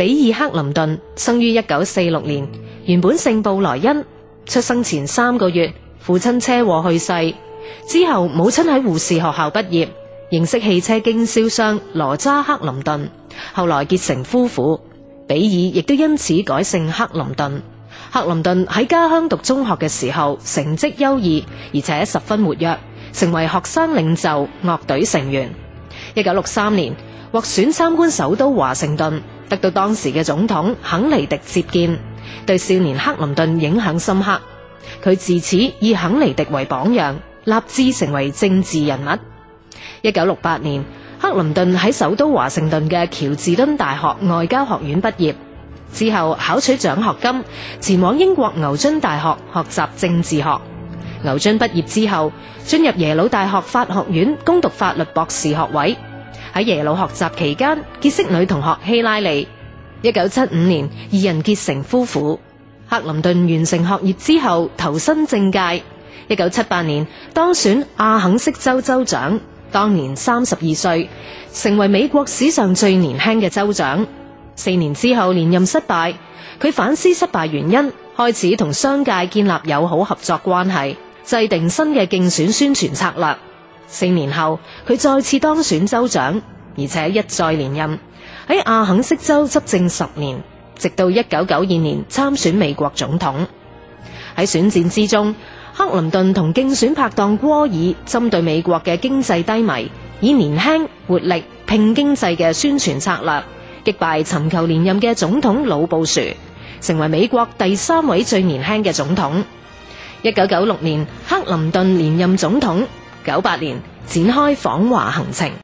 比爾·克林頓生於一九四六年，原本姓布萊恩。出生前三個月，父親車禍去世。之後，母親喺護士學校畢業，認識汽車經銷商羅渣克林頓，後來結成夫婦。比爾亦都因此改姓克林頓。克林頓喺家鄉讀中學嘅時候，成績優異，而且十分活躍，成為學生領袖、樂隊成員。一九六三年獲選參觀首都華盛頓，得到當時嘅總統肯尼迪接見，對少年克林頓影響深刻。佢自此以肯尼迪為榜樣，立志成為政治人物。一九六八年，克林頓喺首都華盛頓嘅喬治敦大學外交學院畢業，之後，考取獎學金，前往英國牛津大學學習政治學。牛津畢業之後，進入耶魯大學法學院攻讀法律博士學位。喺耶魯學習期間，結識女同學希拉里。一九七五年，二人結成夫婦。克林頓完成學業之後，投身政界。一九七八年，當選阿肯色州州長，當年三十二歲，成為美國史上最年輕嘅州長。四年之後，連任失敗。佢反思失敗原因，開始同商界建立友好合作關係。制定新嘅競選宣傳策略，四年後，佢再次當選州長，而且一再連任，喺阿肯色州執政十年，直到一九九二年參選美國總統。喺選戰之中，克林頓同競選拍檔戈爾針對美國嘅經濟低迷，以年輕活力拼經濟嘅宣傳策略，擊敗尋求連任嘅總統老布殊，成為美國第三位最年輕嘅總統。一九九六年，克林頓連任總統；九八年展開訪華行程。